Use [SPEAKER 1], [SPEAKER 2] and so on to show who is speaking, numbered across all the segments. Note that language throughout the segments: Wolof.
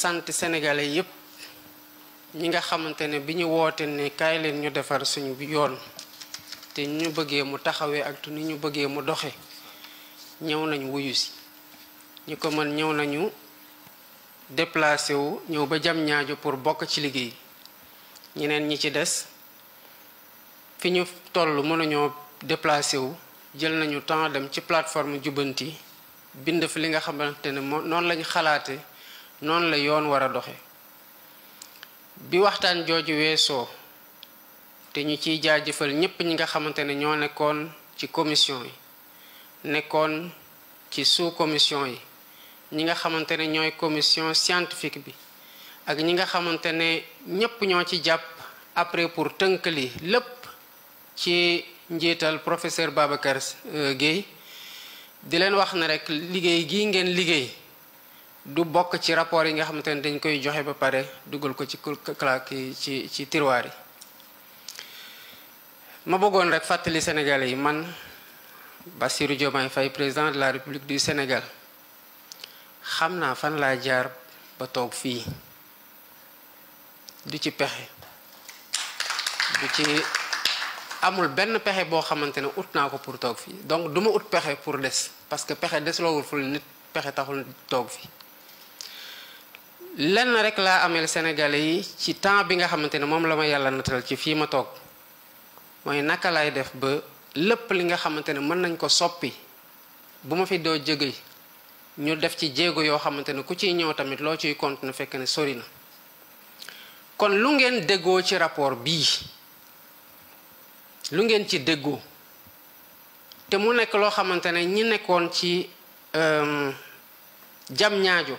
[SPEAKER 1] sant sénégalais yépp ñi nga xamante ne bi ñu woote ne kaay leen ñu defar suñu yoon te ñu bëggee mu taxawee ak ni ñu bëggee mu doxe ñëw nañ wuyu si ñu ko mën ñëw nañu déplacé wu ñëw ba jam ñaajo pour bokk ci liggéey ñeneen ñi ci des fi ñu toll mënuñoo déplacé wu jël nañu temps dem ci plateforme jubbanti bind fi li nga xamante ne moo noonu lañu xalaate noonu la yoon war a doxe bi waxtaan jooju weesoo te ñu ciy jaajëfal ñépp ñi nga xamante ne ñoo nekkoon ci commission yi nekkoon ci sous commission yi ñi nga xamante ne ñooy commission scientifique bi ak ñi nga xamante ne ñépp ñoo ci jàpp après pour tënk li lépp ci njiital professeur Babacar euh, Guèye di leen wax na rekk liggéey gii ngeen liggéey du bokk ci rapport yi nga xamante ne dañ koy joxe ba pare dugal ko ci claque ci ci tiroir yi ma bëggoon rek fàttali Sénégalais yi man Bassirou Diomaye Faye président de la République du Sénégal xam naa fan laa jaar ba toog fii du ci pexe du ci amul benn pexe boo xamante ne ut naa ko pour toog fii donc du ma ut pexe pour des parce que pexe des loowul ful nit pexe taxul toog fii lenn rek laa amee sénégalais yi ci temps bi nga xamante ne moom la ma yàlla natal ci fii ma toog mooy naka laay def ba lépp li nga xamante ne mën nañ ko soppi bu ma fi doo jege ñu def ci jéego yoo xamante ne ku ci ñëw tamit loo ciy compte na fekk ne sori na kon lu ngeen déggoo ci rapport bii lu ngeen ci déggoo te mu nekk loo xamante ne ñi nekkoon ci jam euh, ñaajo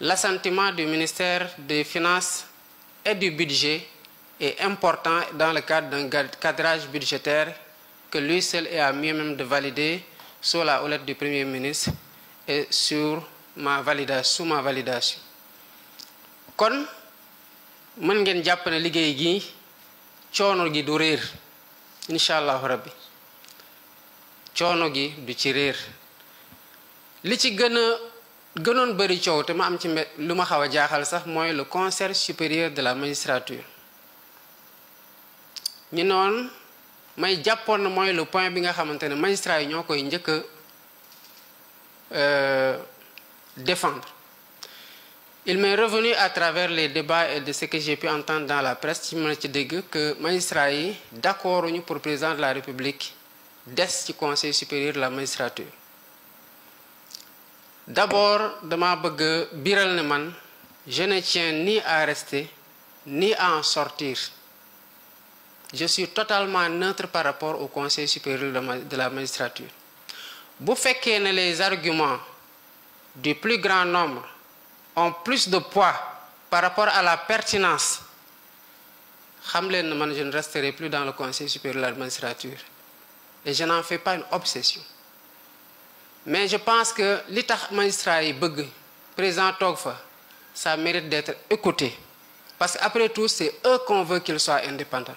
[SPEAKER 1] L'assentiment du ministère des Finances et du Budget est important dans le cadre d'un cadrage budgétaire que lui seul est à mieux même de valider sous la houlette du Premier ministre et sur ma validation sous ma validation kon mën ngeen ne liggéey gi coono gi du réer incha allahu rabbi gi du ci réer li ci gënoon bari coow te ma am ci lu ma xaw sax mooy le conseil supérieur de la magistrature ñu noon may jàppoon mooy le point bi nga xamante magistrat yi ñoo koy euh, défendre il m'est revenu à travers les débats et de ce que j'ai pu entendre dans la presse ci mën ci que magistrat yi d'accord ñu pour président de la république des ci conseil supérieur de la magistrature d'abord de ma biral je ne tiens ni à rester ni à en sortir je suis totalement neutre par rapport au conseil supérieur de la magistrature bu les arguments du plus grand nombre ont plus de poids par rapport à la pertinence je ne resterai plus dans le conseil supérieur de la magistrature et je n'en fais pas une obsession mais je pense que l'État magistrats, magistrat yi bëgg président ça mérite d'être écouté parce qu'après tout c'est eux qu'on veut qu'ils soient indépendants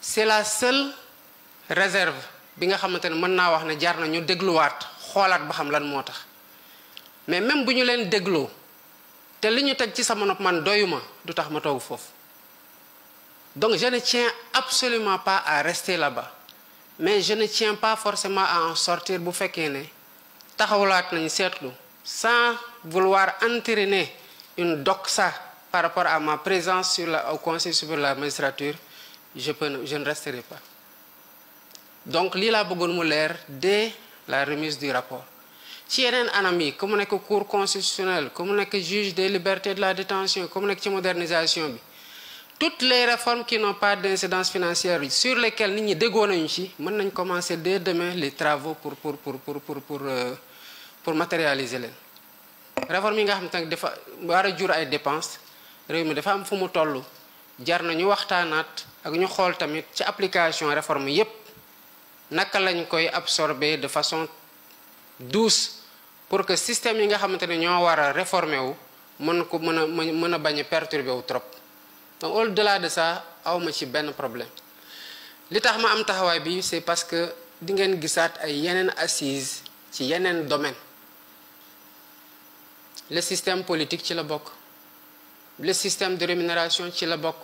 [SPEAKER 1] c'est la seule réserve bi nous avons mais même si nous avons dégloo te li ñu teg ci sama nopp man donc je ne tiens absolument pas à rester là-bas mais je ne tiens pas forcément à en sortir bu Je ne nañ sans vouloir entraîner une doxa par rapport à ma présence au conseil supérieur de la magistrature je ne resterai pas donc lii la mu dès la remise du rapport ci un anam yi ku mu au cour constitutionnel comme mu juge des libertés de la détention comme mu modernisation toutes les réformes qui n'ont pas d'incidence financière sur lesquelles nit ñi déggoo nañu ci mën commencer dès demain les travaux pour pour pour pour pour pour euh, pour matérialiser les réformes. yi nga xam ne dafa war a ay dépenses réew mi dafa am fu mu toll jar na ñu waxtaanaat ak ñu xool tamit ci application réforme yépp naka lañ koy absorber de façon douce pour que système yi nga xamante ne ñoo war a réformer wu mën ko mën a mën perturber wu trop donc au delà de ça awma ci benn problème li tax ma am taxawaay bi c'est parce que di ngeen gisaat ay yeneen assises ci yeneen domaine le système politique ci la bokk le système de rémunération ci la bokk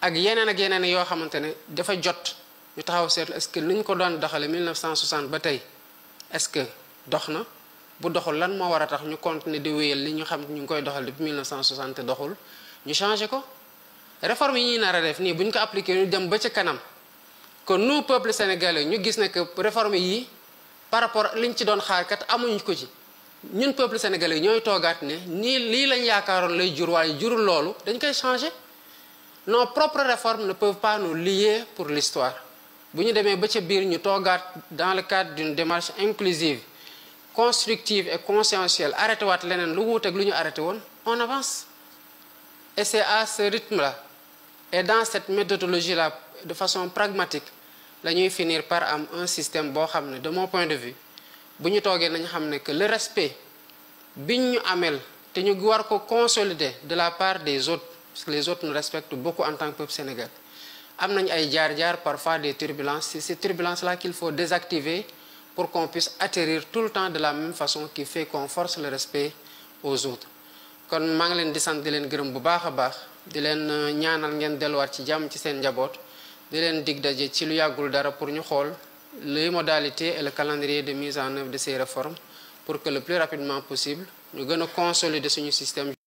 [SPEAKER 1] ak yeneen ak yeneen yoo xamante ne dafa jot ñu taxaw seetlu est-ce que ñu ko doon doxale 1960 ba tey est que dox na bu doxul lan moo war a tax ñu continuer di wéyal li ñu xam ñu ngi koy doxal depuis 1960 doxul ñu changer ko réforme yi n'a nar a def nii bu ñu ko appliqué ñu dem ba ca kanam kon nous peuple sénégalais ñu gis ne que réforme yi par rapport liñ ci doon xaar kat amuñu ko ci ñun peuple sénégalais ñooy toogaat ne nii lii lañ yaakaaroon lay jur waaye jurul loolu dañ koy changer nos propres réformes ne peuvent pas nous lier pour l'histoire bu ñu demee ba ca biir ñu toogaat dans le cadre d'une démarche inclusive constructive et conscientielle arrêté waat leneen lu wuuteeg lu ñu arrêté woon on avance et c'est à ce rythme là et dans cette méthodologie-là, de façon pragmatique, nous ñuy finir par un système bon. de mon point de vue si nous que le respect si avons, de la part des autres parce que les autres nous respectent beaucoup en tant que peuple sénégalais Nous avons parfois des turbulences c'est ces turbulences-là qu'il faut désactiver pour qu'on puisse atterrir tout le temps de la même façon qui fait qu'on force le respect aux autres kon maa ngi leen di sant di leen gërëm bu baax a baax di leen euh, ñaanal ngeen delluwaat ci jàmm ci seen njaboot di leen dig daje ci lu yàggul dara pour ñu xool les modalités et le calendrier de mise en œuvre de ces réformes pour que le plus rapidement possible ñu gën a consolider suñu système